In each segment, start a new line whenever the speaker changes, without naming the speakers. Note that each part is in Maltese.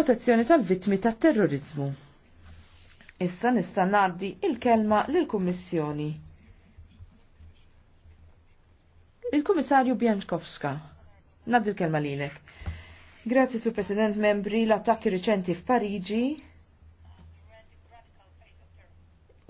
protezzjoni tal-vittmi tat-terrorizmu. Issa nista' ngħaddi il-kelma lill-Kummissjoni. Il-Kummissarju Bjankowska. Ngħaddi l-kelma lilek. Grazzi, Sur President Membri, l-attakki riċenti f'Pariġi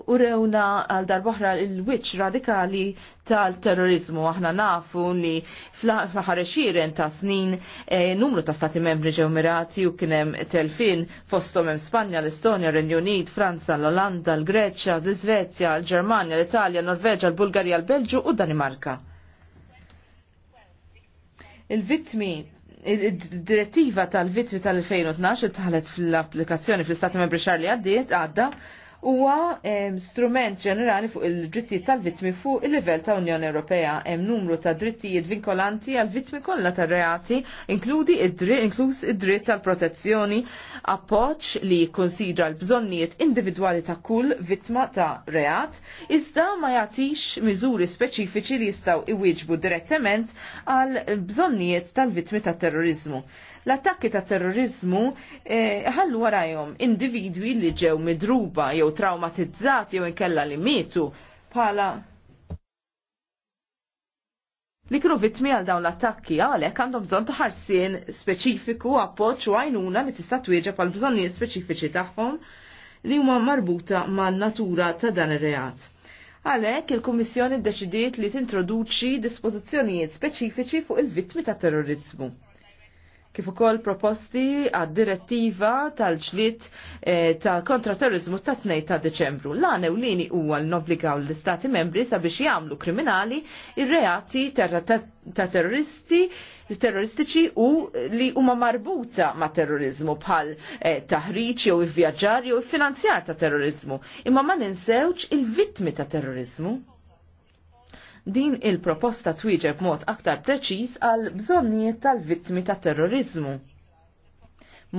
u rewna għal darbohra il witch radikali tal-terrorizmu. Aħna nafu li fl-ħare xiren ta' snin e, numru ta' stati membri ġew mirati u kienem telfin fostom hemm Spanja, l-Estonja, Renju Unit, Franza, l-Olanda, l-Greċja, l-Svezja, l-Ġermanja, l-Italja, l-Norveġja, l-Bulgarija, l-Belġu u Danimarka. Il-vitmi il-direttiva tal-vitmi tal-2012 tħalet fl-applikazzjoni fl-Istati Membri xar li għaddiet għadda huwa strument ġenerali fuq il-drittijiet tal-vittmi fuq il-livell ta' Unjoni Ewropea hemm numru ta' drittijiet vinkolanti għal vittmi kollha tar-reati, inkludi id-dritt inkluż id-dritt tal-protezzjoni appoġġ li jikkonsidra l-bżonnijiet individwali ta' kull vittma ta' reat, iżda ma jagħtix miżuri speċifiċi li jistgħu iwieġbu direttament għal bżonnijiet tal-vittmi tat-terrorizmu. L-attakki ta' terrorizmu eh, ħallu warajom individwi li ġew midruba jew traumatizzati jew inkella li mietu bħala li kienu vittmi għal dawn l-attakki għalhekk għandhom bżonn taħarsin speċifiku appoġġ u għajnuna li tista' twieġeb għal bżonnijiet speċifiċi tagħhom li huma marbuta mal-natura ta' dan ir-reat. Għalhekk il-Kummissjoni ddeċidiet li tintroduċi dispożizzjonijiet speċifiċi fuq il-vittmi ta' terrorizmu kif ukoll proposti għad direttiva tal-ġlit eh, ta' kontraterrorizmu ta' 2 ta' Deċembru. L-għan ewlini huwa l-nobligaw l-Istati membri sabiex jagħmlu kriminali ir-reati ta', terroristi terroristiċi u li huma marbuta ma' terrorizmu bħal eh, taħriġ jew ivvjaġġar jew finanzjar ta' terrorizmu. Imma ma ninsewx il-vittmi ta' terrorizmu din il-proposta twieġeb mod aktar preċiż għal bżonnijiet tal-vittmi ta' terrorizmu.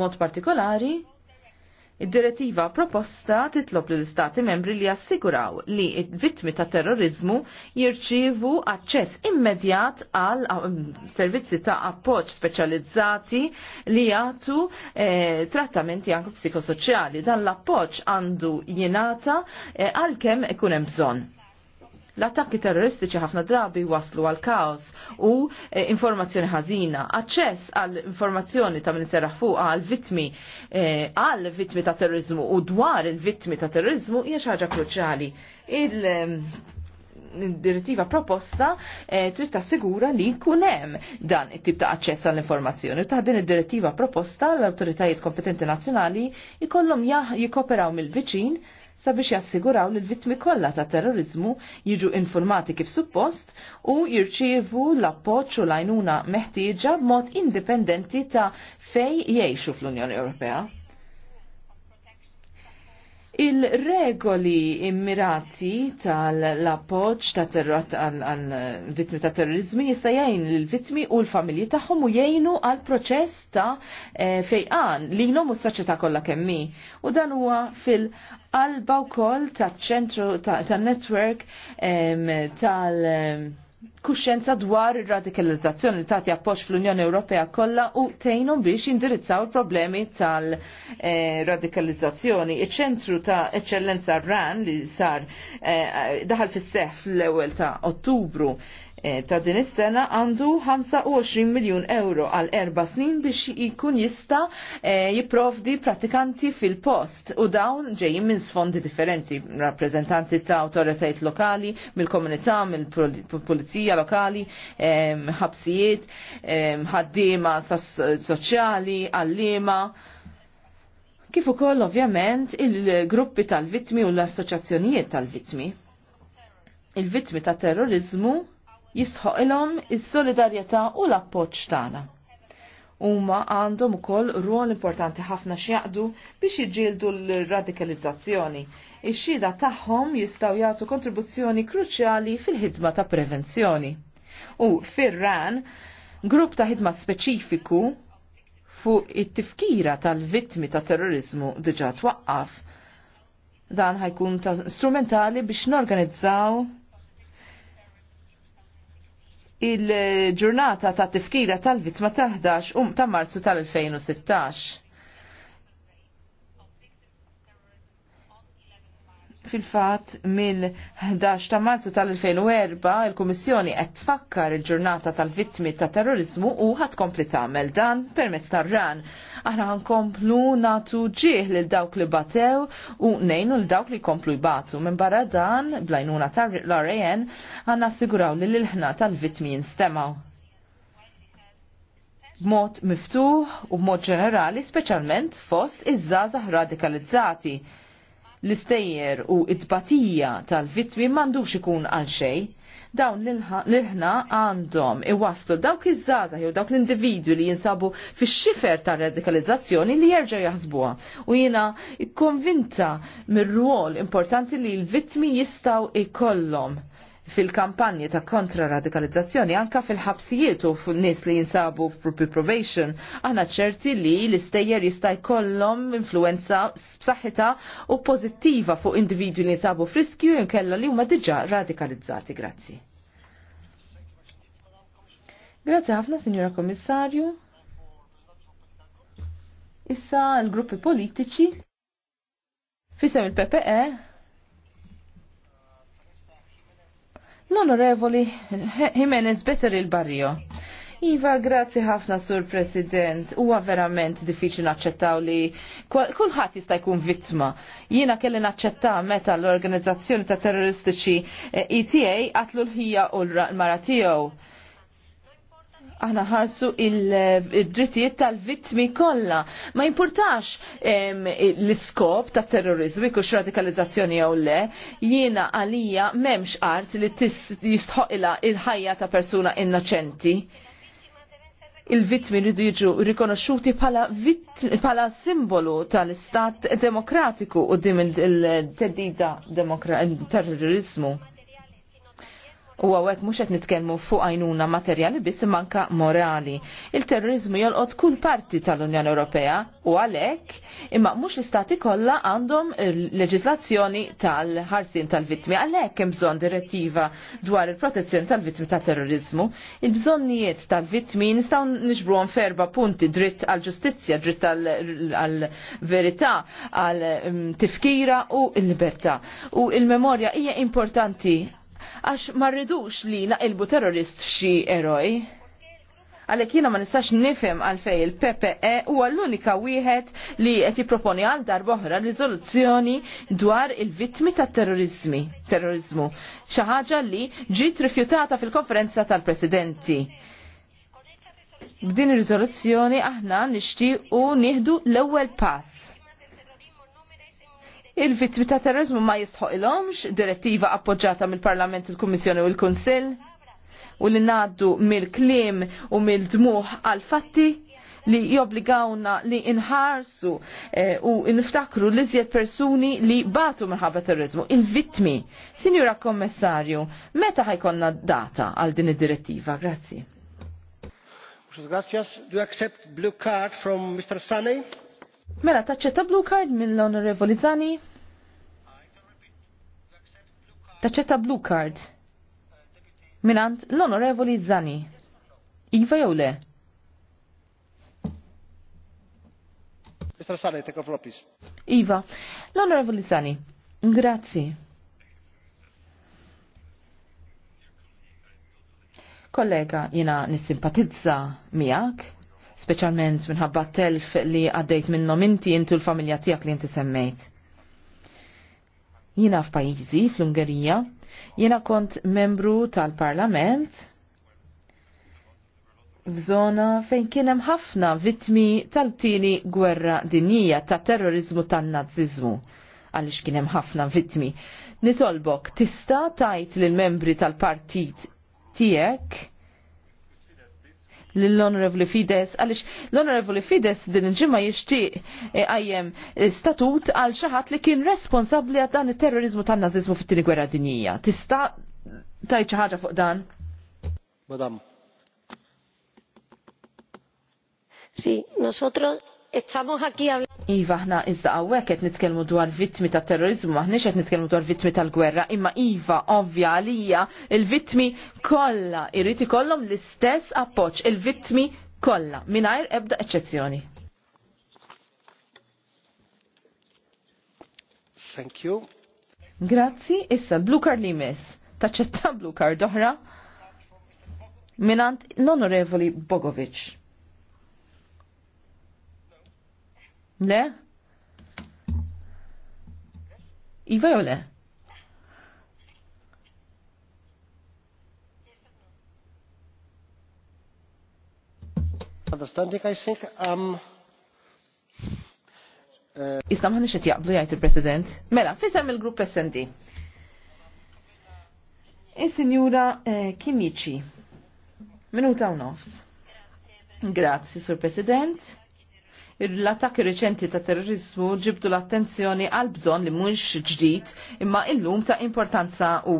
Mod partikolari, Id-direttiva proposta titlob l istati membri li jassiguraw li vittmi ta' terrorizmu jirċivu aċċess immedjat għal um, servizzi ta' appoġġ speċjalizzati li jagħtu eh, trattamenti anke psikosoċjali. Dan l-appoġġ għandu jingħata eh, għalkemm ikun hemm bżonn. L-attakki terroristiċi ħafna drabi waslu għal kaos u e, informazzjoni ħażina, aċċess għal informazzjoni ta' min serraħ fuq għal vitmi e, għal e, vitmi ta' terrorizmu u dwar il vitmi ta' terrorizmu hija xi ħaġa kruċjali. Il- mm, direttiva proposta eh, trid tassigura li jkun hemm dan it-tip ta' aċċess għall-informazzjoni. Taħt din id-direttiva proposta l-awtoritajiet kompetenti nazzjonali jkollhom jikoperaw mill-viċin sabiex jassiguraw li l-vittmi kollha ta' terrorizmu jiġu informati kif suppost u jirċievu l-appoġġ u l-għajnuna meħtieġa b'mod indipendenti ta' fej jgħixu fl-Unjoni Ewropea. Il-regoli immirati tal-appoċ ta' terrat għal-vittmi ta' terrorizmi jista' jgħin l-vittmi u l-familji tagħhom u jgħinu għal proċess ta' eh, fejqan li jnom u s-soċjetà kollha kemmi. U dan huwa fil-qalba wkoll ta' ċentru ta' network tal- Kuxenza dwar ir-radikalizzazzjoni li tagħti appoġġ fl-Unjoni Ewropea kollha u tgħinhom biex indirizzaw il-problemi tal-radikalizzazzjoni. Eh, Iċ-ċentru ta' eċċellenza RAN li sar eh, daħal fis-seħħ fl-ewwel ta' Ottubru Eh, ta' din is-sena għandu 25 miljun euro għal erba' snin biex jkun jista' eh, jipprovdi pratikanti fil-post u dawn ġejjin minn sfondi differenti, rappreżentanti ta' awtoritajiet lokali, mill-komunità, mill-pulizija lokali, ehm, ħabsijiet, ehm, ħaddiema soċjali, għallima. Kif ukoll ovvjament il-gruppi tal-vittmi u l-assoċjazzjonijiet tal-vittmi. Il-vittmi ta' terrorizmu jistħoq ilhom is-solidarjetà u l-appoġġ tagħna. Huma għandhom ukoll rwol importanti ħafna x'jaqdu biex jiġġieldu l-radikalizzazzjoni. Ix-xhieda tagħhom jistgħu jagħtu kontribuzzjoni kruċjali fil-ħidma ta' prevenzjoni. U fir-ran, grupp ta' ħidma speċifiku fuq it-tifkira tal-vittmi ta' terrorizmu diġa twaqqaf. Dan ħajkun ta' strumentali biex norganizzaw il-ġurnata ta' tifkira tal-vittma taħdax um ta' marzu tal-2016. fil-fat mill-11 ta' marzu tal-2004 il-Kummissjoni qed tfakkar il-ġurnata tal-vittmi ta' terrorizmu u ħadd kompli tagħmel dan permezz tar-ran. Aħna ħankomplu natu ġieħ lil dawk li batew u nejnu l dawk li komplu jbatu. Minn barra dan, blajnuna l ran għanna assiguraw li l-ħna tal-vittmi jinstemaw b'mod miftuħ u b'mod ġenerali speċjalment fost iż-żgħażagħ radikalizzati l-istejjer u it tbatija tal-vittmi mandux ikun għal xej. Dawn l-ħna għandhom iwaslu dawk iż-żaza jew dawk l-individwi li jinsabu fix xifer ta' radikalizzazzjoni li jerġgħu jaħsbuha. U jiena konvinta mir-rwol importanti li l-vittmi jistgħu ikollhom fil-kampanji ta' kontra radikalizzazzjoni anka fil-ħabsijiet u fil-nis li jinsabu f'propi probation, aħna ċerti li l-istejjer jista' jkollhom influenza b'saħħitha u pożittiva fuq individwi li jinsabu friskju jinkella li huma diġà radikalizzati. Grazzi. Grazzi ħafna, Signora Kommissarju. Issa l-gruppi politiċi. Fisem il-PPE L-Onorevoli Jimenez Besser il-Barrio. Iva, grazzi ħafna, Sur President. Huwa verament diffiċli naċċettaw li kulħadd jista' jkun vittma. Jiena kelli naċċettaw meta l-organizzazzjoni ta' terroristiċi ETA eh, e qatlu l-ħija u l-mara tiegħu aħna ħarsu il-drittijiet tal-vittmi kollha. Ma jimpurtax l-iskop ta' terrorizmi kux radikalizzazzjoni jew le, jiena għalija m'hemmx art li jistħoqilha il-ħajja ta' persuna innoċenti. Il-vittmi rridu jiġu rikonoxxuti bħala simbolu tal-istat demokratiku u dim il-teddida terrorizmu. U għawek mux għet nitkelmu fuq għajnuna materjali biss manka morali. Il-terrorizmu jolqot kull parti tal-Unjoni Ewropea u għalek imma mux l-istati kolla għandhom leġislazzjoni tal-ħarsin tal-vittmi. Għalek hemm bżon direttiva dwar il-protezzjoni tal-vittmi ta' terrorizmu. Il-bżonnijiet tal-vittmi nistaw nġbruhom ferba punti dritt għal-ġustizzja, dritt għal-verità, għal-tifkira u l-libertà. U il-memorja hija importanti għax ma rridux li naqilbu terrorist xi eroj. Għalek jina ma nistax nifem għalfej il-PPE u għall-unika wieħed li qed jipproponi għal oħra riżoluzzjoni dwar il-vittmi ta' terrorizmi, terrorizmu. Xi ħaġa li ġiet rifjutata fil-konferenza tal-presidenti. B'din ir-riżoluzzjoni aħna nixtiequ nieħdu l-ewwel pass il-vittmi ta' terrorizmu ma il-omx, direttiva appoġġata mill-Parlament, il-Kummissjoni u l-Kunsill u li naddu mill-klim u mill-dmuħ għal-fatti li jobbligawna li inħarsu eh, u niftakru li zjed persuni li batu minħabba terrorizmu, il-vittmi. Sinjura Kommissarju, meta ħajkonna data għal din id-direttiva? Grazzi.
Grazie. Do you accept blue card from Mr. Sunny?
Mela, taċċetta blue card mill-onorevoli Zani? Taċċetta blue card minant l-onorevoli Zani. Iva jew le?
Mr. take off
Iva, l-onorevoli Zani, grazzi. kollega jina nissimpatizza miak speċjalment minħabba telf li għaddejt minnhom inti intu l-familja tiegħek li inti semmejt. Jiena f'pajjiżi fl-Ungerija, jiena kont membru tal-Parlament f'żona fejn kien hemm ħafna vittmi tal-tieni gwerra dinija ta' terrorizmu tan nazizmu għaliex kien hemm ħafna vittmi. Nitolbok tista' tajt lill-membri tal-partit tiegħek l-Honorable Fides, għalix l-Honorable Fides din il-ġimma jishtiq eh, għajjem eh, statut għal xaħat li kien responsabli għad dan il-terrorizmu tan nazizmu fit tini gwerra dinija. Tista tajċa ħaġa fuq dan? Madam. Si,
nosotros
Iva, ħna iżda għawek qed nitkellmu dwar vittmi ta' terrorizmu, maħniex qed nitkellmu dwar vittmi tal-gwerra, imma Iva, ovvja għalija, il-vittmi kollha irriti ikollhom l-istess appoġġ, il-vittmi kollha mingħajr ebda eċċezzjoni. Thank you. Grazzi, issa blue card li miss. Taċċetta blue card doħra, minant non onorevoli Bogovic. Le? Iva jew le?
Understanding, I think, um,
uh, Isna maħni xet jaqblu jajt il-President. Mela, fisem il-Grupp SND. Il-Sinjura eh, eh, Kimici. Minuta u nofs. Grazie, Sur President l-attakki reċenti ta' terrorizmu ġibdu l-attenzjoni għal bżon li mhux ġdid imma illum ta' importanza u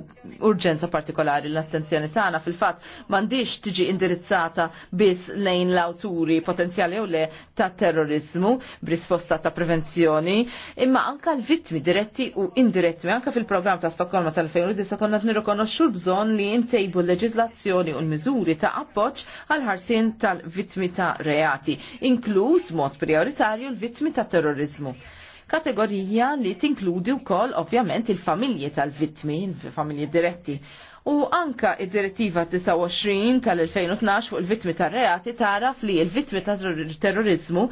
urġenza partikolari l-attenzjoni tagħna fil-fatt m'għandix tiġi indirizzata biss lejn l-awturi potenzjali jew le ta' terrorizmu b'risposta ta' prevenzjoni imma anka l-vittmi diretti u indiretti anka fil-programm ta' Stokkolma tal-2009 konna nirrikonoxxu l-bżonn li ntejbu l-leġiżlazzjoni u l-miżuri ta' appoġġ għal ħarsien tal-vittmi ta' reati, inkluż mod prioritarju l-vittmi ta' terrorizmu. Kategorija li tinkludi wkoll ovvjament il-familji tal-vittmi, familji diretti. U anka id-direttiva 29 tal-2012 fuq il-vittmi tar-reati taraf li il-vittmi ta' terrorizmu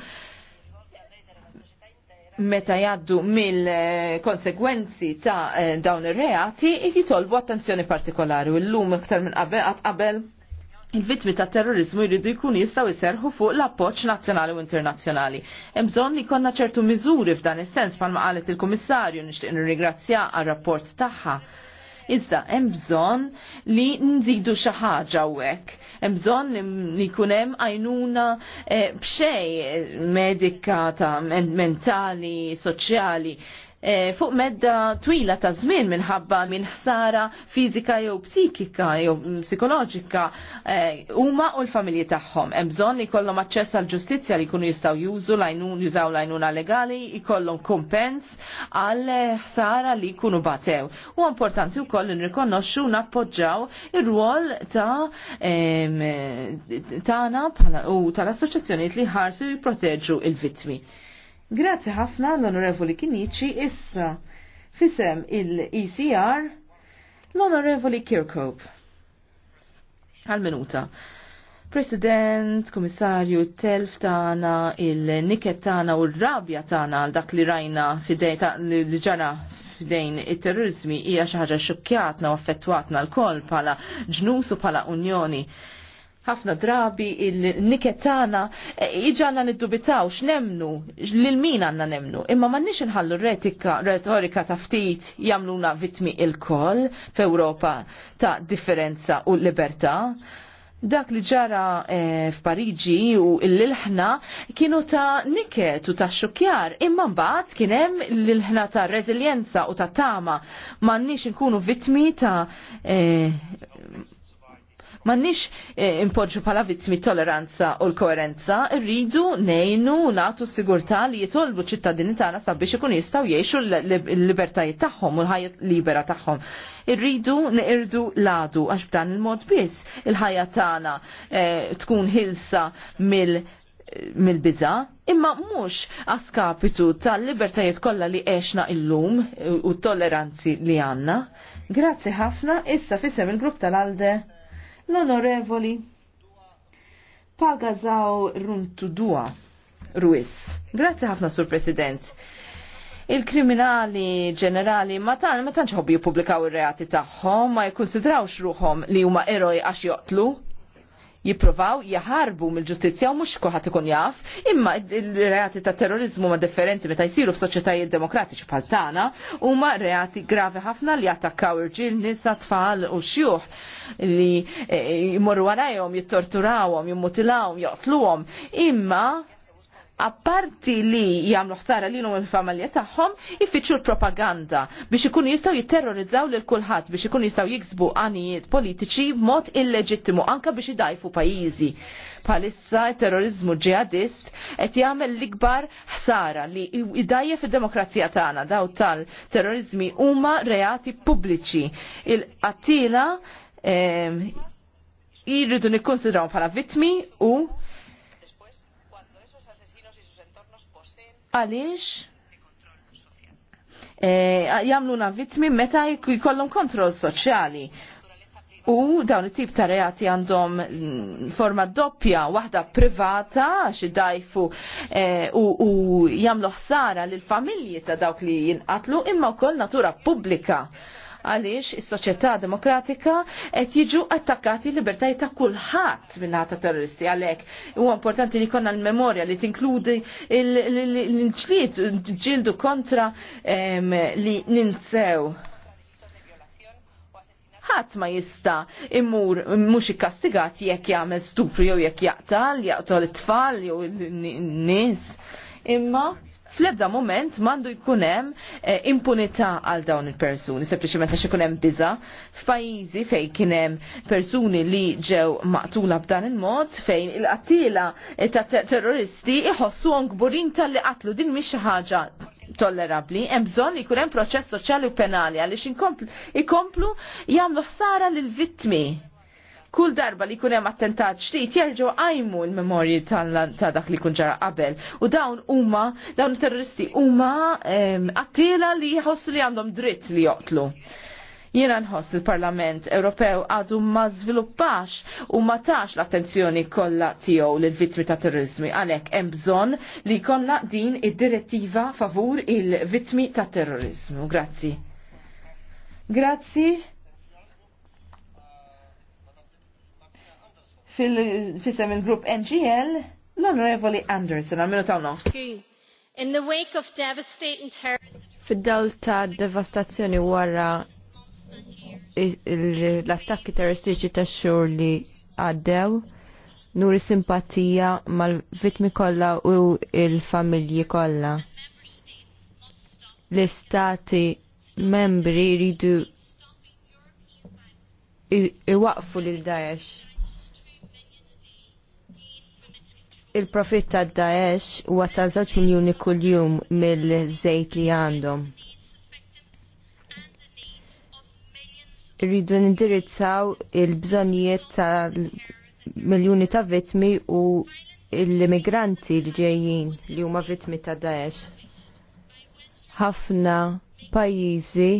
meta jaddu mill-konsegwenzi ta' eh, dawn ir-reati jitolbu attenzjoni partikolari u l-lum iktar minn qabel il-vittmi ta' terrorizmu jridu jkun jistaw jiserħu fuq l-appoċ nazzjonali u internazzjonali. Hemm bżonn li konna ċertu miżuri f'dan is-sens palma qalet il-Kummissarju nixtieq nirringrazzja għar-rapport tagħha. Iżda hemm bżonn li nżidu xi ħaġa hawnhekk. Hemm bżonn li jkun hemm għajnuna eh, b'xej medika ta' mentali, soċjali Eh, fuq medda twila ta' żmien minħabba minn ħsara fiżika jew psikika jew psikoloġika eh, huma u l-familji tagħhom. Hemm bżonn ikollhom aċċess għal ġustizzja li jkunu jistgħu jużu lajnun jużaw lajnuna legali, ikollhom kompens għal ħsara li jkunu batew. U importanti wkoll nirrikonoxxu nappoġġaw ir-rwol ta' tagħna u tal-assoċjazzjonijiet li ħarsu jipproteġu il-vittmi. Grazzi ħafna l-Onorevoli Kinici issa fisem il-ECR l-Onorevoli Kirkhope. Għal-minuta. President, komissarju, telf tana, il-niket tana u l-rabja tana għal dak li rajna fidej ta' li ġara f'dejn it-terrorizmi hija xi ħaġa xokkjatna u affettwatna l-koll bħala ġnus u bħala unjoni ħafna drabi il-niketana e, iġanna niddubitaw x'nemnu lil min għanna nemnu imma m'għandniex inħallu retika retorika ta' ftit jagħmluna vitmi il-koll f'Ewropa ta' differenza u libertà dak li ġara e, f'Pariġi u l-ilħna kienu ta' niket u ta' xukjar imma mbagħad kien hemm l-ilħna ta' reżiljenza u ta' tama m'għandniex inkunu vitmi ta' e, M'għandniex eh, impoġġu bħala vittmi tolleranza u l-koerenza, rridu nejnu nagħtu s-sigurtà li jitolbu ċittadini tagħna sabiex ikun jistgħu jgħixu l-libertajiet tagħhom u l-ħajja libera tagħhom. Irridu neqirdu ladu għax b'dan il-mod biss il-ħajja tagħna eh, tkun ħilsa mill- mill-biza, imma mhux għaskapitu tal-libertajiet kollha li għexna illum u t toleranzi li għandna. Grazzi ħafna, issa fissem il-grupp tal-Alde l-onorevoli Pagazaw Runtudua Ruiz. Grazie ħafna, Sur President il-kriminali ġenerali ma tan ma tantx jippubblikaw ir-reati tagħhom, ma jikkunsidrawx ruħom li huma eroj għax joqtlu jipprovaw jaħarbu mill-ġustizzja u mhux kulħadd ikun jaf, imma il-reati ta' terrorizmu ma' differenti meta jsiru f'soċjetajiet demokratiċi bħal tagħna huma reati gravi ħafna li attakkaw irġiel, nisa, tfal u xjuħ li eh, jmorru warajhom, jittorturawhom, jimmutilawhom, joqtluhom. Imma apparti li jagħmlu ħsara li l il-familja tagħhom ifittxu l-propaganda biex ikunu jistgħu jitterrorizzaw lil kulħadd biex ikunu jistgħu jiksbu għanijiet politiċi b'mod illeġittimu anke biex idajfu pajjiżi. Palissa terrorizmu ġihadist qed jagħmel l-ikbar ħsara li idajje fid-demokrazija tagħna daw tal-terrorizmi huma reati pubbliċi. Il-qattila jridu ehm, jirridu nikkonsidraw bħala vittmi u Għaliex? Eh, jamluna vittmi meta jkollhom kontroll soċjali. U dawn it-tip ta' reati għandhom mm, forma doppja, waħda privata, xi dajfu e, eh, u, u jamlu ħsara lill familji ta' dawk li jinqatlu, imma wkoll natura pubblika għaliex is-soċjetà demokratika qed jiġu attakkati l-libertajiet ta' kulħadd mill ta' terroristi għalhekk huwa importanti li jkollna l-memorja li tinkludi l-ġlied ġildu kontra li ninsew ħadd ma jista' immur mhux ikkastigat jekk jagħmel stupru jew jekk jaqtal, jaqtol it-tfal jew n-nies. Imma fl-ebda moment mandu jkunem eh, impunità għal dawn il-persuni, sempliciment għax ikunem biza f'pajjiżi fej kienem persuni li ġew maqtula b'dan il-mod fejn il-qattila eh, ta' terroristi iħossu gburin tal-li qatlu din mhix ħaġa tollerabli, hemm bżonn li jkun hemm proċess soċjali u penali għaliex ikomplu jagħmlu ħsara lill-vittmi kull darba li kunem attentat ċtit jerġgħu għajmu l-memorji ta' dak li kun ġara qabel. U dawn huma, dawn terroristi huma għattila li jħossu li għandhom dritt li joqtlu. Jiena nħoss il-Parlament Ewropew għadu ma żviluppax u ma tax l-attenzjoni kollha tiegħu lil vittmi ta' terrorizmi għalhekk hemm bżonn li jkollna din id-direttiva favur il-vittmi ta' terrorizmu. Grazzi. Grazzi. fil-fisem il-grupp NGL l-Onorevoli Anderson, għamilu ta'
In the wake
of devastating terror... Fid-dawl ta' devastazzjoni wara l-attakki terroristiċi ta' xur li għaddew, nuri simpatija mal-vitmi kollha u il-familji kollha. L-istati membri jridu iwaqfu lil Daesh il-profit ta' Daesh huwa ta' żewġ miljuni kuljum mill-żejt li għandhom. Irridu nindirizzaw il-bżonnijiet ta' miljuni ta' vittmi u l-immigranti li ġejjin li huma vittmi ta' Daesh. Ħafna pajjiżi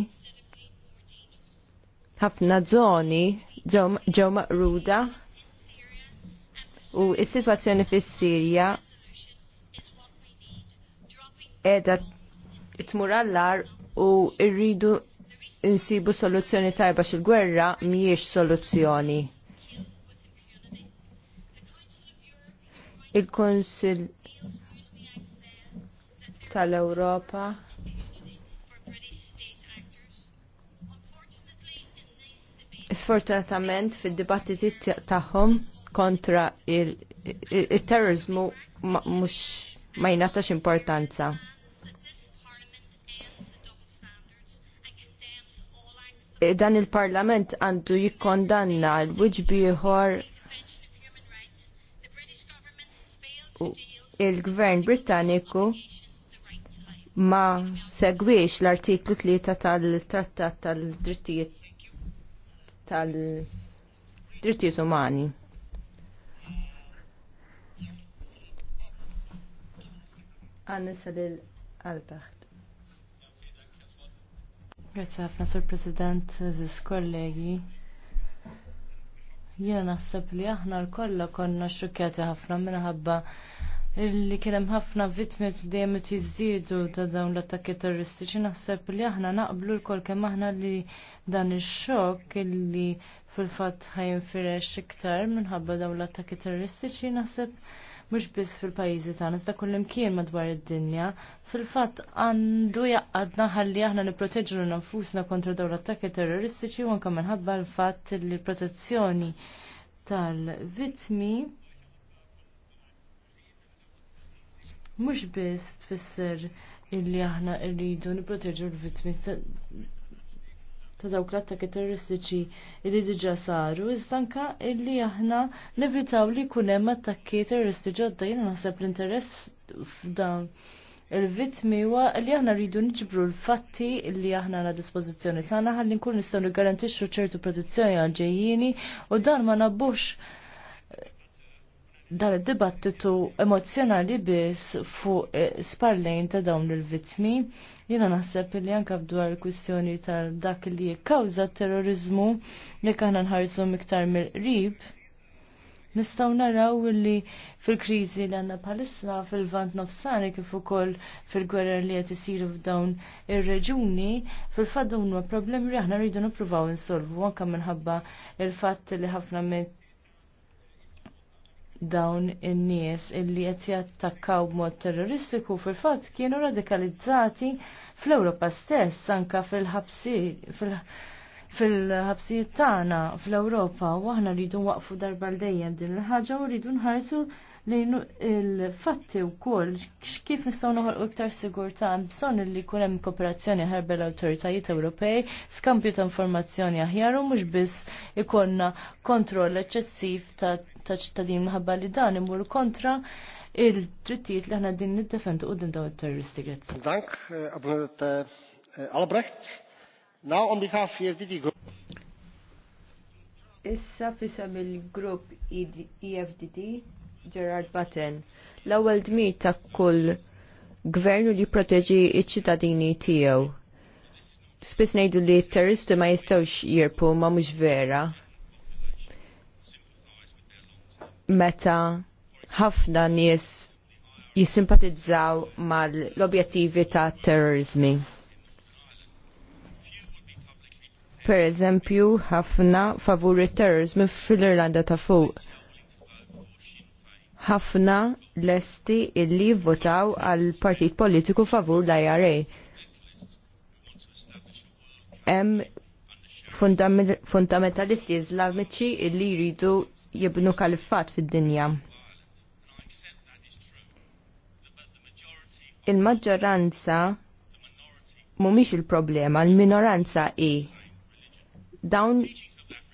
ħafna żoni ġew maqruda u s-situazzjoni fis-Sirja edha t-mur għallar u rridu insibu soluzzjoni tajba xil-gwerra miex soluzzjoni. Il-Konsil tal-Europa Sfortunatament fid-dibattiti tagħhom kontra il-terrorizmu mux ma jnatax importanza. E, dan il-parlament għandu jikkondanna l-wġbieħor il-gvern Britanniku ma segwix l-artiklu 3 tal-trattat tal-drittijiet tal-drittijiet umani. għannisa
l-Albert. Grazie ħafna, Sur President, ziz kollegi. Jena naħseb li aħna l-kolla konna xukjati ħafna minnaħabba illi kienem ħafna vitmi dejjem tiżdiedu ta' dawn l-attakki terroristiċi naħseb li aħna naqblu l-kol kemm aħna li dan ix-xokk illi fil-fatt ħajinfirex iktar minħabba dawn l-attakki terroristiċi naħseb mhux biss fil-pajjiżi tagħna, iżda kullimkien madwar id-dinja, fil-fatt għandu jaqqadna ħalli aħna nipproteġu nafusna kontra dawn l-attakki terroristiċi u anke minħabba l-fatt li protezzjoni tal-vitmi mhux biss tfisser illi aħna rridu nipproteġu l-vitmi ta' dawk l-attakki terroristiċi li diġa saru, iżdanka illi aħna nevitaw li kunem attakki terroristiċi ġodda naħseb l-interess f'dan il-vitmi wa li aħna rridu nġibru l-fatti li aħna għandna dispożizzjoni tagħna ħalli nkun nistgħu nigarantixxu ċertu protezzjoni għal ġejjini u dan ma nabbux dan id-dibattitu emozjonali biss fuq eh, sparlejn ta' dawn il-vittmi. Jiena naħseb li anka fdwar il-kwistjoni tal dak li jikkawża terrorizmu jekk aħna nħarsu miktar mill-qrib. Nistaw naraw li fil-kriżi li għanna bħalissa fil-vant nofsani kif ukoll fil-gwerra li qed isiru f'dawn ir-reġuni, fil-fatt problemi li aħna rridu nippruvaw insolvu anke minħabba il-fatt li ħafna mit dawn in-nies illi qed jattakkaw b'mod terroristiku fil-fatt kienu radikalizzati fl-Ewropa stess anka fil-ħabsi fil-ħabsijiet tagħna fl-Ewropa u aħna rridu waqfu darba l dejjem din il-ħaġa u rridu nħarsu Lejnu il-fatti wkoll nistaw nistgħu noħolqu iktar sigurtà bżonn li jkun hemm kooperazzjoni ħarbe l-awtoritajiet Ewropej, skambju ta' informazzjoni aħjar u mhux biss ikollna kontroll eċċessiv ta' ċittadin minħabba li dan imur kontra il-drittijiet li ħna din nid-defendu u din daw il-terroristi. Grazie. Dank, eh, Abnet eh, Albrecht. Now on behalf of the Group.
Issa fisam il-grupp EFDD e Gerard Batten. L-ewwel dmir ta' kull gvernu li proteġi iċ-ċittadini tiegħu. Spiss ngħidu li t-terroristi ma jistgħux jirpu ma mhux vera. Meta ħafna nies jissimpatizzaw mal-objettivi ta' terrorizmi. Per eżempju, ħafna favuri terrorizmi fil-Irlanda ta' fuq ħafna lesti illi votaw għal partit politiku favur l-IRA. Em fundamentalisti izlamiċi illi jridu jibnu kalifat fid-dinja. Il-maġġoranza mumiex il-problema, il-minoranza i dawn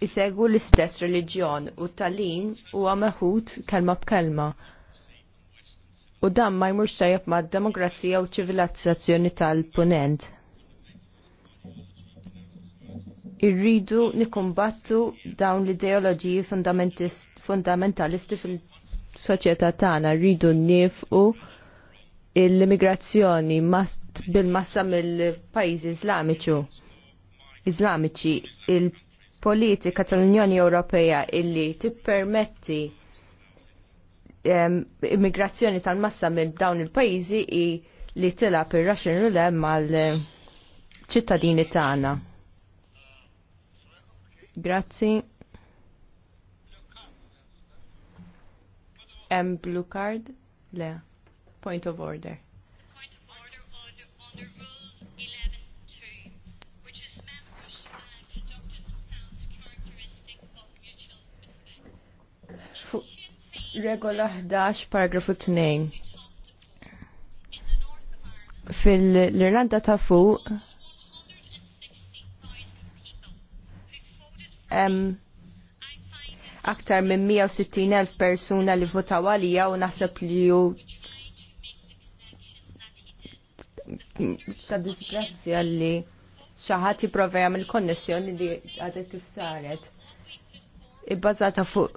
isegwu l-istess reliġjon u tal-lin huwa meħud kelma b'kelma. U dan ma jmurx tajjeb mad-demokrazija u ċivilizzazzjoni tal-punent. Irridu nikumbattu dawn l-ideoloġiji fundamentalisti fil-soċjetà tagħna, rridu u l-immigrazzjoni bil-massa mill-pajjiżi Islamiċu. Islamiċi il politika tal-Unjoni Ewropea illi tippermetti immigrazzjoni tal-massa minn dawn il-pajjiżi i li tilab ir-Russian Roulette mal-ċittadini tagħna. Grazzi. M blue card? Le. Point of order. Regola 11, paragrafu 2. Fil-Irlanda ta' fuq, aktar minn 160.000 persuna li votaw għalija u naħseb li ju ta' disgrazzja li xaħati provajam il konnessjoni li għadek kif saret. Ibbazata fuq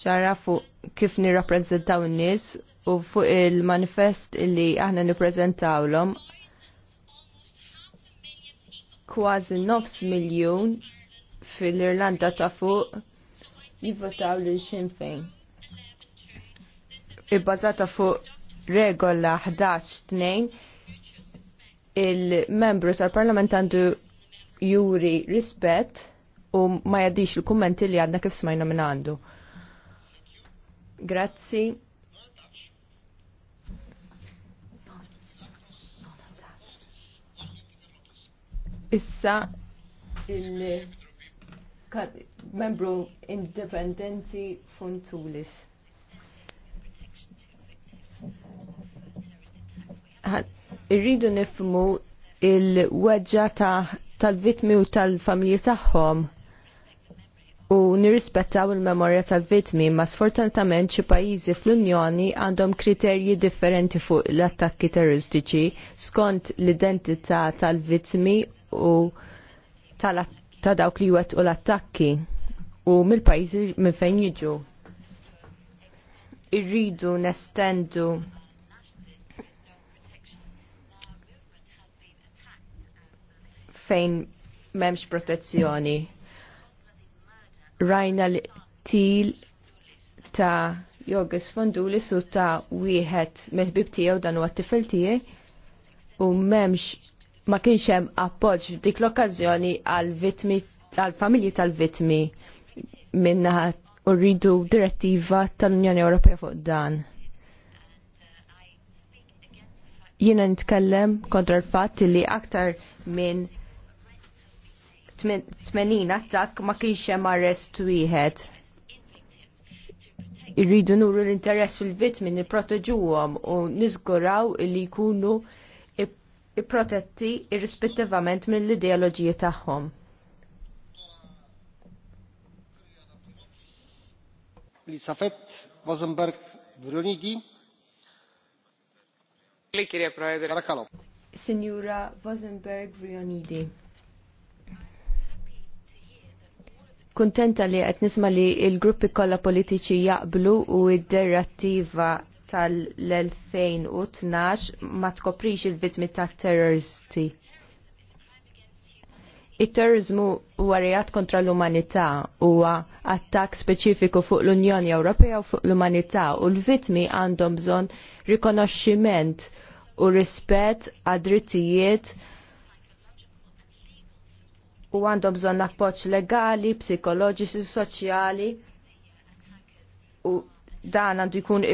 ġara fuq kif nirrappreżentaw n nies u fuq il-manifest li aħna nippreżentawlhom kważi nofs miljun fil-Irlanda ta' fuq jivvotaw lil Sinn Fein. Ibbażata fuq regola 11-2 il-membru tal-parlament għandu juri rispett u ma jaddix il-kummenti li għadna kif smajna minn għandu. Grazzi. Issa il-membru indipendenti Funtulis. irridu nifmu il-weġġa tal-vitmi u tal-familji tagħhom u nirrispettaw il-memorja tal-vitmi ma sfortunatament xi pajjiżi fl-Unjoni għandhom kriterji differenti fuq l-attakki terroristiċi skont l-identità tal-vitmi u tal ta' dawk li wet u l-attakki u mill-pajjiżi minn fejn jiġu. Irridu nestendu fejn memx protezzjoni rajna l-til ta' Jogis Fondulis su ta' wieħed mill-ħbib tiegħu dan huwa tifel tiegħi u m'hemmx ma kienx hemm appoġġ dik l-okkażjoni għal vitmi għal familji tal-vitmi minna u rridu direttiva tal-Unjoni Ewropea fuq dan. Jiena nitkellem kontra l-fatt li aktar minn 80 attakk ma kienx hemm arrest wieħed. Irridu nuru l-interess fil-vitmi nipproteġuhom u niżguraw li jkunu protetti irrispettivament mill ideoloġija tagħhom.
Elisabeth Rosenberg Brunidi.
Signora Rosenberg Vrionidi. Kuntenta li qed nisma li l-gruppi kollha politiċi jaqblu u id-derrattiva tal-2012 ma tkoprix il-vittmi tat terroristi. Il-terrorizmu huwa rejat kontra l-umanità huwa attakk speċifiku fuq l-Unjoni Ewropea u fuq l-umanità u l-vittmi għandhom bżonn rikonoxximent u rispett għad drittijiet u għandhom bżonn appoġġ legali, psikoloġiċi, soċjali u dan għandu jkun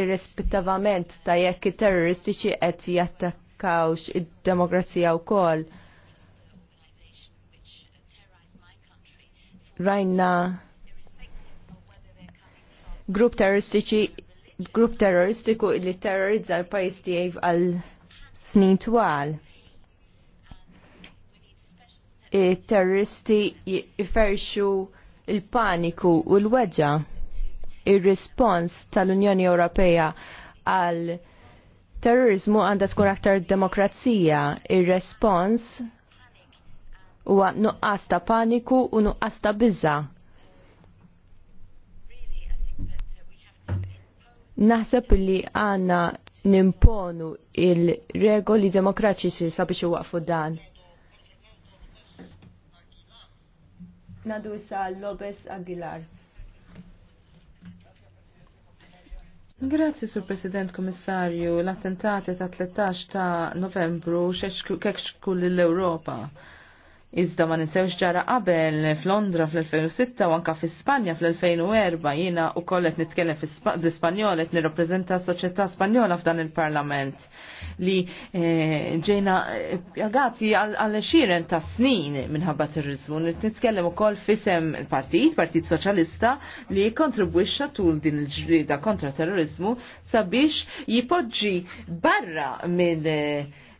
irrespettivament ta' jekk terroristiċi qed jattakkawx id-demokrazija wkoll. Rajna grupp terroristiċi grupp terroristiku li terrorizza l-pajis tiegħi għal snin twal terroristi jiferxu il-paniku u l-weġa il-respons tal-Unjoni Ewropea għal terrorizmu għandha tkun aktar demokrazija, ir-respons huwa nuqqas ta' paniku u nuqqas ta' biża. Naħseb li għanna nimponu il-regoli demokratiċi sabiex waqfu dan. Nadu issa Lopez Aguilar.
Grazzi, Sur President Komissarju. L-attentati ta' 13 ta' novembru kekx kull l-Europa. Iżda ma ninsewx ġara qabel f'Londra fl-2006 u anka fl-Ispanja fl-2004 jiena u kollet nitkellem fl-Ispanjol qed s soċjetà Spanjola f'dan il-Parlament li eh, ġejna pjagati eh, għal xiren ta' snin minħabba terrorizmu. Nitkellem ukoll fisem il-partit, Partit Soċjalista, li kontribwixxa tul din il-ġrida kontra terrorizmu sabiex jipoġġi barra minn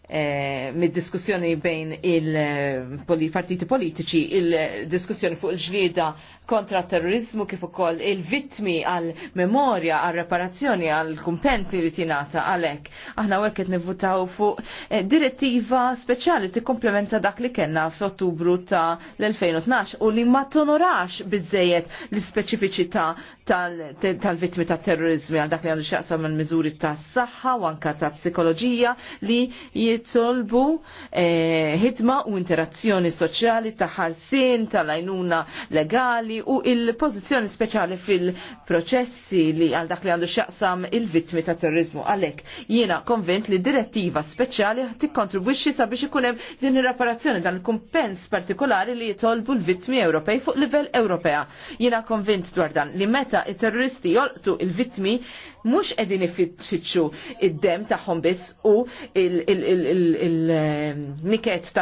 E, mid-diskussjoni bejn il-partiti eh, politiċi, il-diskussjoni eh, fuq il-ġlieda kontra terrorizmu kif ukoll il-vittmi għal memorja għal reparazzjoni għal kumpensi li ritinata għalek. Aħna għek qed nivvutaw fuq eh, direttiva speċjali tikkomplementa dak li kellna f'Ottubru ta' l-2012 u li ma tonorax biżejjed l-ispeċifiċità tal-vittmi tal terrorizmi għal dak li għandu xaqsam minn miżuri ta' saħħa u anka ta' psikoloġija li jitolbu eh, ħidma u interazzjoni soċjali ta' ħarsien, tal-għajnuna legali, legali u il-pozizjoni speċjali fil-proċessi li għal dak li għandu xaqsam il-vittmi ta' terrorizmu. Għalek, jiena konvent li direttiva speċjali tikkontribwixxi sabiex ikun hemm din ir-reparazzjoni dan il-kumpens partikolari li jitolbu l-vittmi Ewropej fuq livell Ewropea. Jiena konvent dwar dan li meta il terroristi jolqtu il-vittmi mhux qegħdin ifitxu id-dem tagħhom biss u il-niket eh,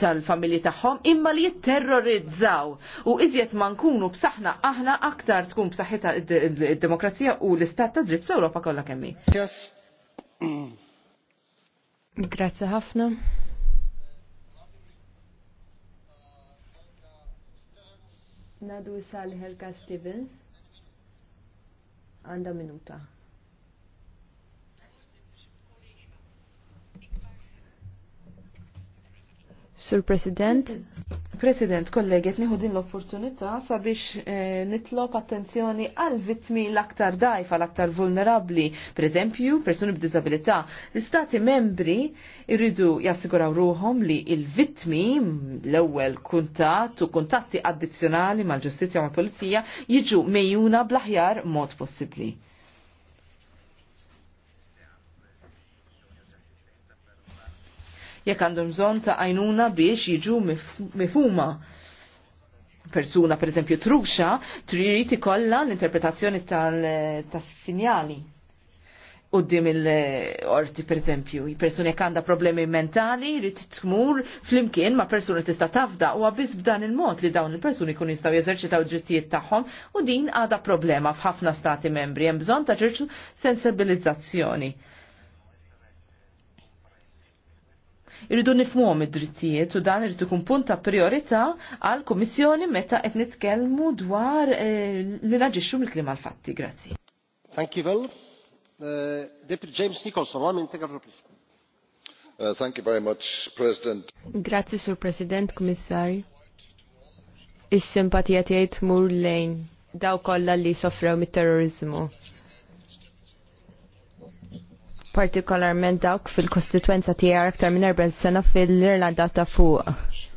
tal-familji tagħhom imma li jitterrorizzaw u iżjed man nkunu b'saħna aħna aktar tkun b'saħħitha id-demokrazija u l-istat ta' dritt fl-Ewropa kollha kemm
mm. Grazzi ħafna. Nadu sal Helga Stevens. Għanda minuta. Sur President.
President, kollegiet, nieħu din l-opportunità sabiex eh, nitlob attenzjoni għal vittmi l-aktar dajfa, l-aktar vulnerabli, per eżempju, persuni b'disabilità. L-istati membri irridu jassiguraw ruhom li il-vittmi l-ewwel kuntat u kuntatti addizzjonali mal-ġustizzja u mal-pulizija jiġu mejjuna bl-aħjar mod possibbli. jekk għandhom bżonn ta' għajnuna biex jiġu mifuma persuna per eżempju truxa trid ikollha l-interpretazzjoni tas-sinjali qoddim il-orti per eżempju, persuni jekk għandha problemi mentali, jrid tmur flimkien ma' persuni tista' tafda u biss b'dan il-mod li dawn il-persuni kun jistgħu jeżerċitaw ġrittijiet tagħhom u din għadha problema f'ħafna stati membri hemm bżonn ta' ċertu sensibilizzazzjoni. Irridu nifmuhom id-drittijiet u dan irid ikun punt ta' priorità għal kummissjoni meta qed nitkellmu dwar eh, li naġixxu mill-klima l-fatti. Grazzi.
Thank you well. Uh, Deputy James Nicholson,
one minute, please. Uh, thank you very much, President.
Grazzi, Sur President, Commissari. Is-simpatija tiegħi tmur lejn daw kollha li sofrew mit-terrorizmu partikolarment dawk fil-kostituenza tiegħi aktar minn 40 sena fil-Irlanda ta' fuq.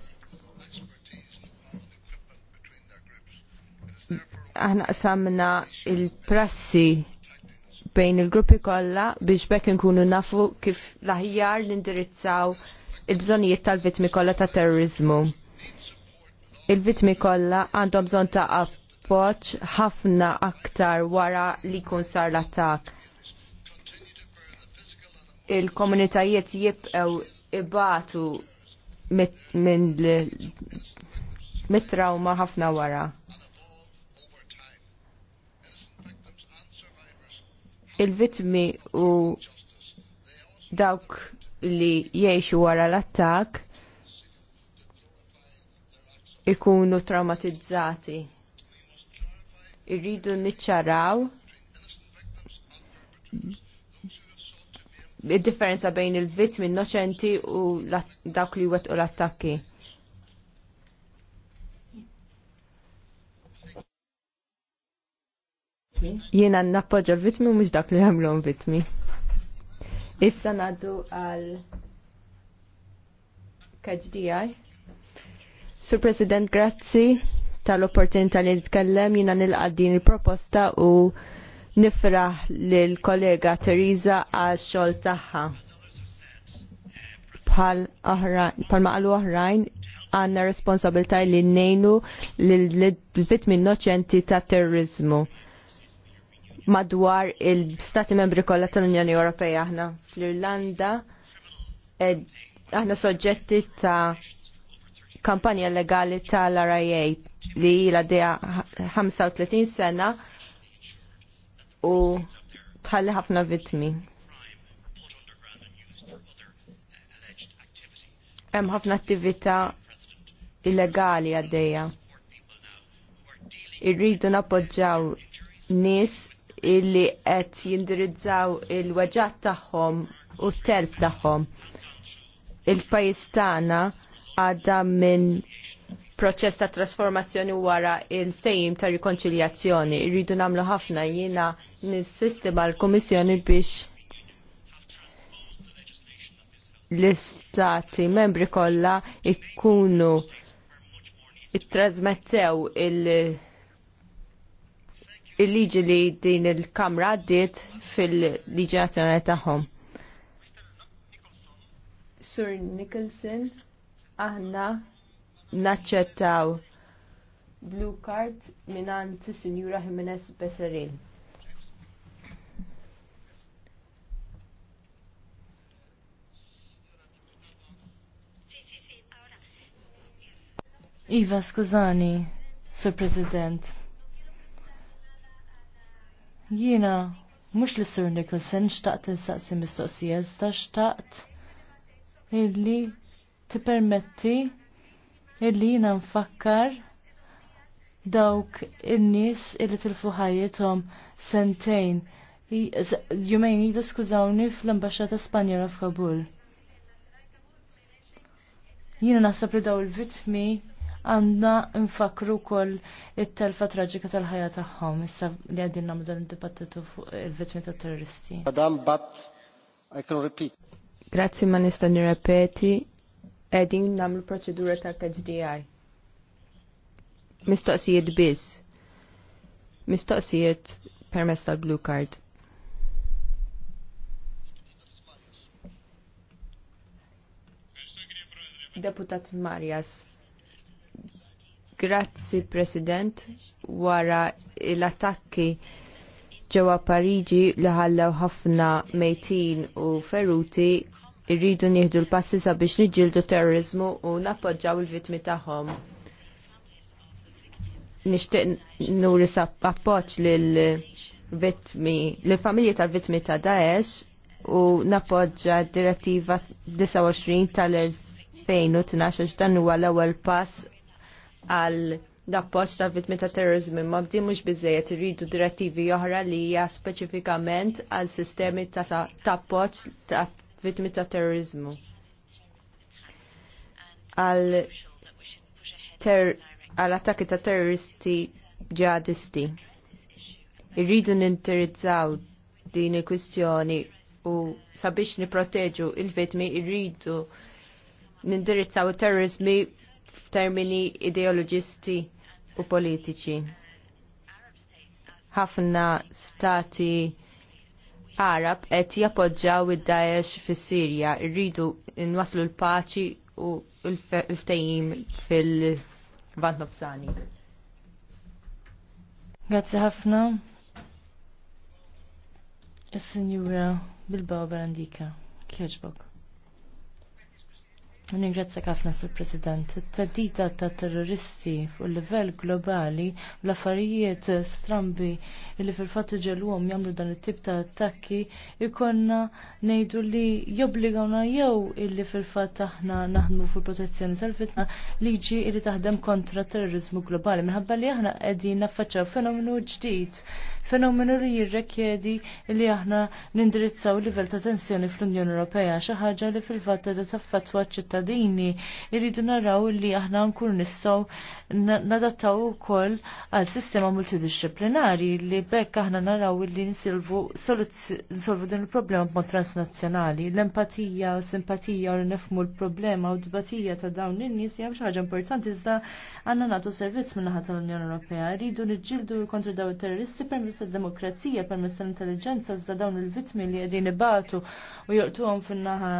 Aħna samna il-prassi bejn il-gruppi kollha biex bekk inkunu nafu kif l-aħjar nindirizzaw il-bżonijiet tal-vitmi kollha ta' terrorizmu. Il-vitmi kollha għandhom bżonn ta' appoġġ ħafna aktar wara li jkun sar l-attak il-komunitajiet jibqew ibatu mit-trauma ħafna wara. Il-vitmi u dawk li jiexu wara l-attak ikunu traumatizzati. Irridu niċċaraw differenza bejn il-vittmi innoċenti u dawk li wet u l-attakki. Jiena nappoġġa l-vittmi u mhux dak li l vittmi. Issa naddu għal KHDI. Sur President, grazzi tal-opportunità li nitkellem jiena nilqa' din il-proposta u nifraħ lil kollega Teresa għal xogħol tagħha. Pal qalu oħrajn għandna responsabilità li nnejnu lill-vittmi innoċenti ta' terrorizmu madwar il-Stati membri kollha tal-Unjoni Ewropea aħna fl-Irlanda aħna soġġetti ta' kampanja legali tal-RIA li la 35 sena u tħalli ħafna vitmi. Hemm ħafna attività illegali għaddejja. Irridu nappoġġaw nies illi qed jindirizzaw il-weġġat tagħhom u t telf tagħhom. Il-pajjiż tagħna għadda minn proċess ta' trasformazzjoni wara il-ftejim ta' rikonċiljazzjoni. Rridu namlu ħafna jina nis-sistema l-Komissjoni biex l-istati membri kollha ikkunu it-trasmettew il- liġi li din il-kamra għaddiet fil-liġi nazjonali tagħhom. Sur Nicholson, aħna naċċettaw blue card minant Sinjura Jimenez Becerril.
Iva, skużani, Sir President. Jiena, mux li Sir Nicholson xtaqt insaqsi mistoqsija, iżda xtaqt illi ti permetti illi jina nfakkar dawk in-nies illi tilfu ħajjithom sentejn. Jumejn ilu skużawni fl-Ambaxxata Spanjola f'Kabul. Jina naħseb li daw il-vitmi għandna nfakru kol it-telfa traġika tal-ħajja tagħhom issa li għadin nagħmlu dan id-dibattitu fuq il-vittmi tat-terroristi. Madam, but I can repeat.
Grazzi ma nista' nirrepeti għedin namlu proċedura ta' KGDI. Mistoqsijiet biss. Mistoqsijiet permess tal-blue card. Deputat Marjas. Grazzi President wara l-attakki ġewwa Pariġi li ħallew ħafna mejtin u feruti irridu nieħdu l-passi sabiex niġġieldu terrorizmu u nappoġġaw il-vittmi tagħhom. Nixtieq nuri appoġġ lil vittmi lill-familji tal-vittmi ta' Daesh u nappoġġa direttiva 29 tal-2012 dan huwa l-ewwel pass għal dappoġġ tal-vittmi ta' terrorizmu ma bdi mhux biżejjed irridu direttivi oħra li hija speċifikament għal sistemi ta' tappoġġ ta' vittmi ta' terrorizmu. Għal ter attakki ta' terroristi ġadisti. Irridu ninterizzaw din il-kwistjoni u sabiex niproteġu il-vittmi irridu nindirizzaw terrorizmi f'termini ideoloġisti u politiċi. Ħafna stati Arab qed jappoġġaw id-Daesh fis-Sirja, rridu nwaslu l-paċi u l ftajim fil-Vant Nofsani.
Grazzi ħafna. Is-Sinjura Bilbao Barandika, kieġbok. Ningrazzak ħafna sur President. Tadita ta' terroristi fuq livell globali l-affarijiet strambi li fil-fatt ġelwom jagħmlu dan it-tip ta' attakki ikonna ngħidu li jobbligawna jew illi fil-fatt aħna naħdmu fuq protezzjoni tal-fitna liġi li taħdem kontra terrorizmu globali minħabba li aħna qegħdin naffaċċaw fenomenu ġdid fenomenu li jirrekjedi li aħna nindirizzaw livell ta' tensjoni fl-Unjoni Ewropea, xi ħaġa li fil-fatt qed taffettwa ċittadini irridu naraw li aħna nkun nistgħu nadattaw ukoll għal sistema multidisciplinari li bekk aħna naraw li nsolvu din il-problema b'mod transnazzjonali. L-empatija, u simpatija u nifmu l-problema u d-batija ta' dawn in-nies hija xi ħaġa importanti iżda għandna nagħtu servizz min-naħa tal-Unjoni Ewropea. Rridu niġġieldu kontra daw it-terroristi permezz l-ħarsien tad-demokrazija permezz tal-intelligenza iżda dawn il-vittmi li qegħdin ibatu u joqtuhom fin-naħa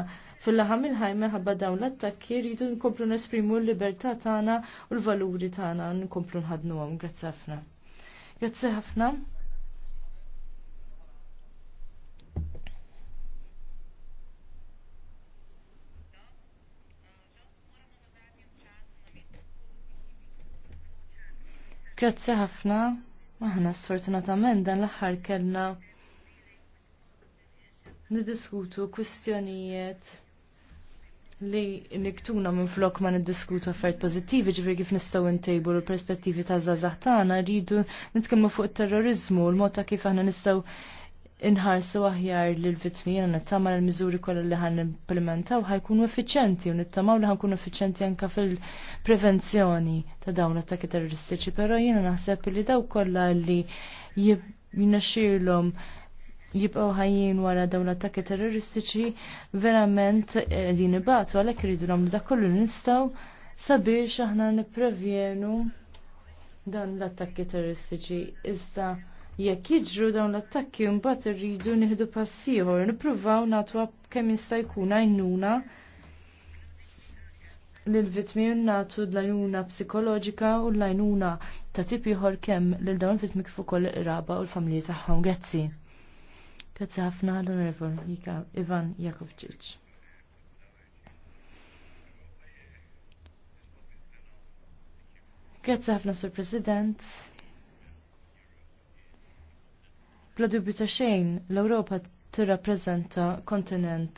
fil-laħam il ħajme ħabba dawn l-attakki rridu nkomplu nesprimu l-libertà tagħna u l-valuri tagħna nkomplu nħadnuhom. Grazzi ħafna. Grazzi ħafna. Grazzi ħafna. Aħna sfortunatament dan l-aħħar kellna niddiskutu kwistjonijiet li niktuna minn flok ma niddiskutu affarijiet pozittivi ġifri kif nistgħu ntejbu l perspettivi ta' żgħażagħ tagħna rridu nitkellmu fuq it-terrorizmu l-mod ta' kif aħna nistgħu inħarsu aħjar l-vitmi għan nittama l-mizuri kolla li għan implementaw ħajkunu effiċenti u nittamaw li ħankunu effiċenti anka fil-prevenzjoni ta' dawn attakki terroristiċi, pero jiena naħseb li daw kolla li jinaxxilhom jibqaw ħajjin wara dawn attakki terroristiċi verament eh, din ibatu għalhekk iridu nagħmlu dak kollu nistgħu sabiex aħna nipprevjenu dan l-attakki terroristiċi iżda jekk jiġru dawn l-attakki mbagħad irridu nieħdu pass ieħor, nippruvaw nagħtu kemm jista' jkun għajnuna lil vittmi nagħtu l-għajnuna psikoloġika u l-għajnuna ta' tip ieħor kemm lil dawn il-vittmi kif ukoll il-qraba u l-familji tagħhom. Grazzi. Grazzi ħafna l-Onorevol Ivan Jakovčić. Grazzi ħafna, Sur President. Bla dubju ta' xejn, l-Ewropa tirrappreżenta kontinent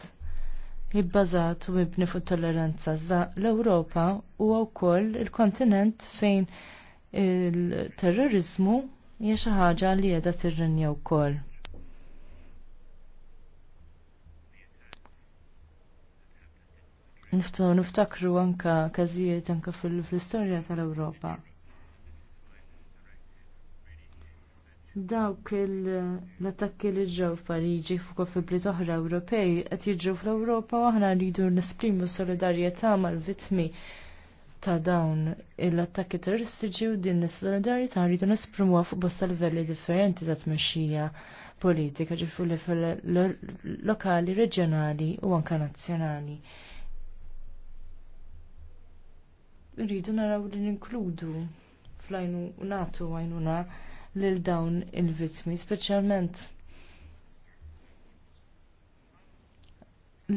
jibbażat u mibni fuq tolleranza. Iżda l-Ewropa huwa wkoll il-kontinent fejn il-terrorizmu hija xi ħaġa li qiegħda tirrinja wkoll. Niftakru anka każijiet anka fil-istorja tal-Ewropa Dawk l-attakki li ġew f'Pariġi fuq fil oħra Ewropej qed jiġu fl-Ewropa u aħna rridu nesprimu solidarjetà mal-vittmi ta' dawn l-attakki terroristiċi u din is-solidarjetà rridu nesprimuha fuq bosta livelli differenti ta' tmexxija politika ġifieri fil-lokali, reġjonali u anke nazzjonali. Rridu naraw li ninkludu fl-għajnu natu għajnuna lil dawn il-vittmi, speċjalment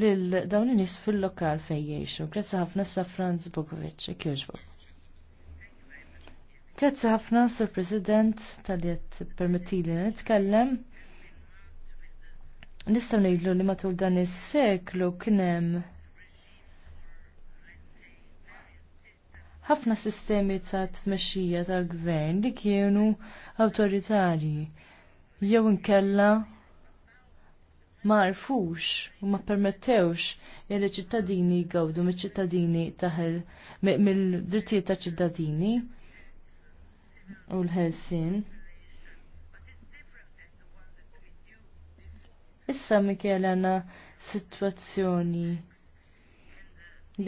lil dawn in-nies fil-lokal fejn jgħixu. Grazzi ħafna sa Franz Bogovic, kjoġbu. Grazzi ħafna, Sur President, tal-jett permettili nitkellem. Nistaw ngħidlu li matul dan is-seklu kien hemm ħafna sistemi ta' tmexxija tal-gvern li kienu awtoritarji jew inkella ma arfux u ma permettewx il ċittadini jgawdu mill ċittadini taħel mill-drittijiet ta' ċittadini u l-ħelsin. Issa kellana situazzjoni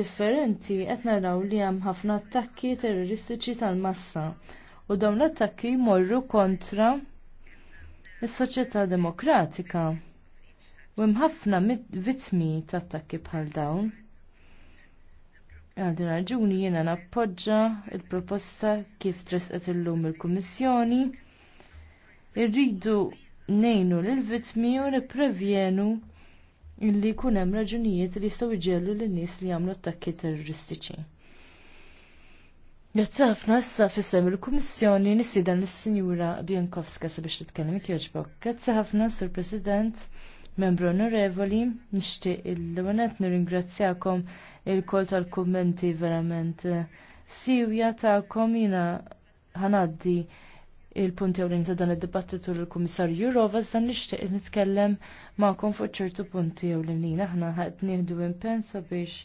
differenti qed naraw li hemm ħafna attakki terroristiċi tal-massa u dawn l-attakki jmorru kontra is-soċjetà demokratika. U hemm ħafna vittmi ta' attakki bħal dawn. Għal din raġuni jiena nappoġġa il-proposta kif tresqet illum il-Kummissjoni. Irridu ngħinu lill vittmi u nipprevjenu illi jkun hemm raġunijiet li jistgħu jġellu lin-nies li jagħmlu attakki terroristiċi. Grazzi ħafna issa fisem il-Kummissjoni nisidan lis-Sinjura Bjankowska sabiex titkellem jogħġbok. Grazzi ħafna, Sur President, membru onorevoli, nixtieq il-lewanet nirringrazzjakom il-kol tal-kummenti verament eh, siwja tagħkom jina ħanaddi il-punti ewlin ta' dan id-dibattitu l-Kummissarju Jurova zan nixtieq nitkellem magħkom fuq ċertu punti ewlenin aħna ħadd nieħdu impensa biex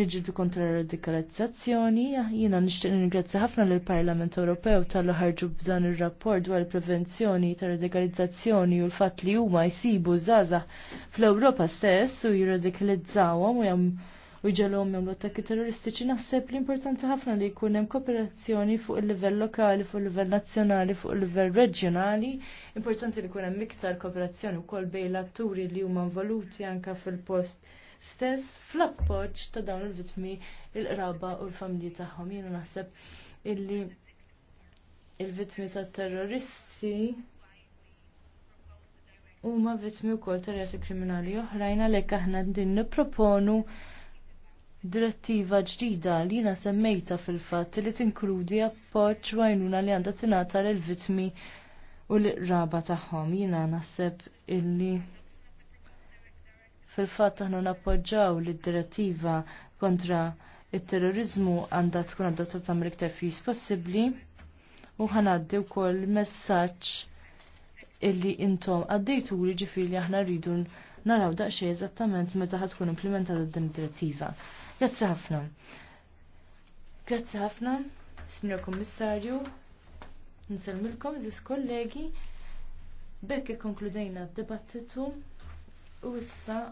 nġidu kontra radikalizzazzjoni, jiena nixtieq ningrazzja ħafna lill parlament Ewropew tal ħarġu b'dan ir-rapport dwar il-prevenzjoni ta' radikalizzazzjoni u l-fatt li huma jsibu zaza fl-Ewropa stess u jirradikalizzawhom u jam u jom l attakki terroristiċi naħseb li importanti ħafna li jkun hemm kooperazzjoni fuq il-livell lokali, fuq il-livell nazzjonali, fuq il-livell reġjonali. Importanti li jkun hemm iktar kooperazzjoni wkoll bejn l-atturi li huma involuti anke fil-post stess fl-appoġġ ta' dawn il-vitmi il-qraba u l-familji tagħhom. Jiena naħseb illi il-vitmi ta' terroristi huma vitmi wkoll ta' reati kriminali oħrajn għalhekk aħna din nipproponu proponu direttiva ġdida li jina semmejta fil-fat li tinkludi appoġġ għajnuna li għandha tingħata l vittmi u l-raba tagħhom. Jina naħseb illi fil-fatt aħna nappoġġaw li direttiva kontra il-terrorizmu għandha tkun adottata mill-iktar fis possibli. u ħanaddi wkoll messaġġ illi intom għaddejtu li ġifiri li aħna rridu naraw daqxie eżattament meta tkun implementata din id-direttiva. Grazzi ħafna. Grazzi ħafna, Signor Kommissarju, nsalmilkom, ziz kollegi, bekke konkludejna d-debattitu u issa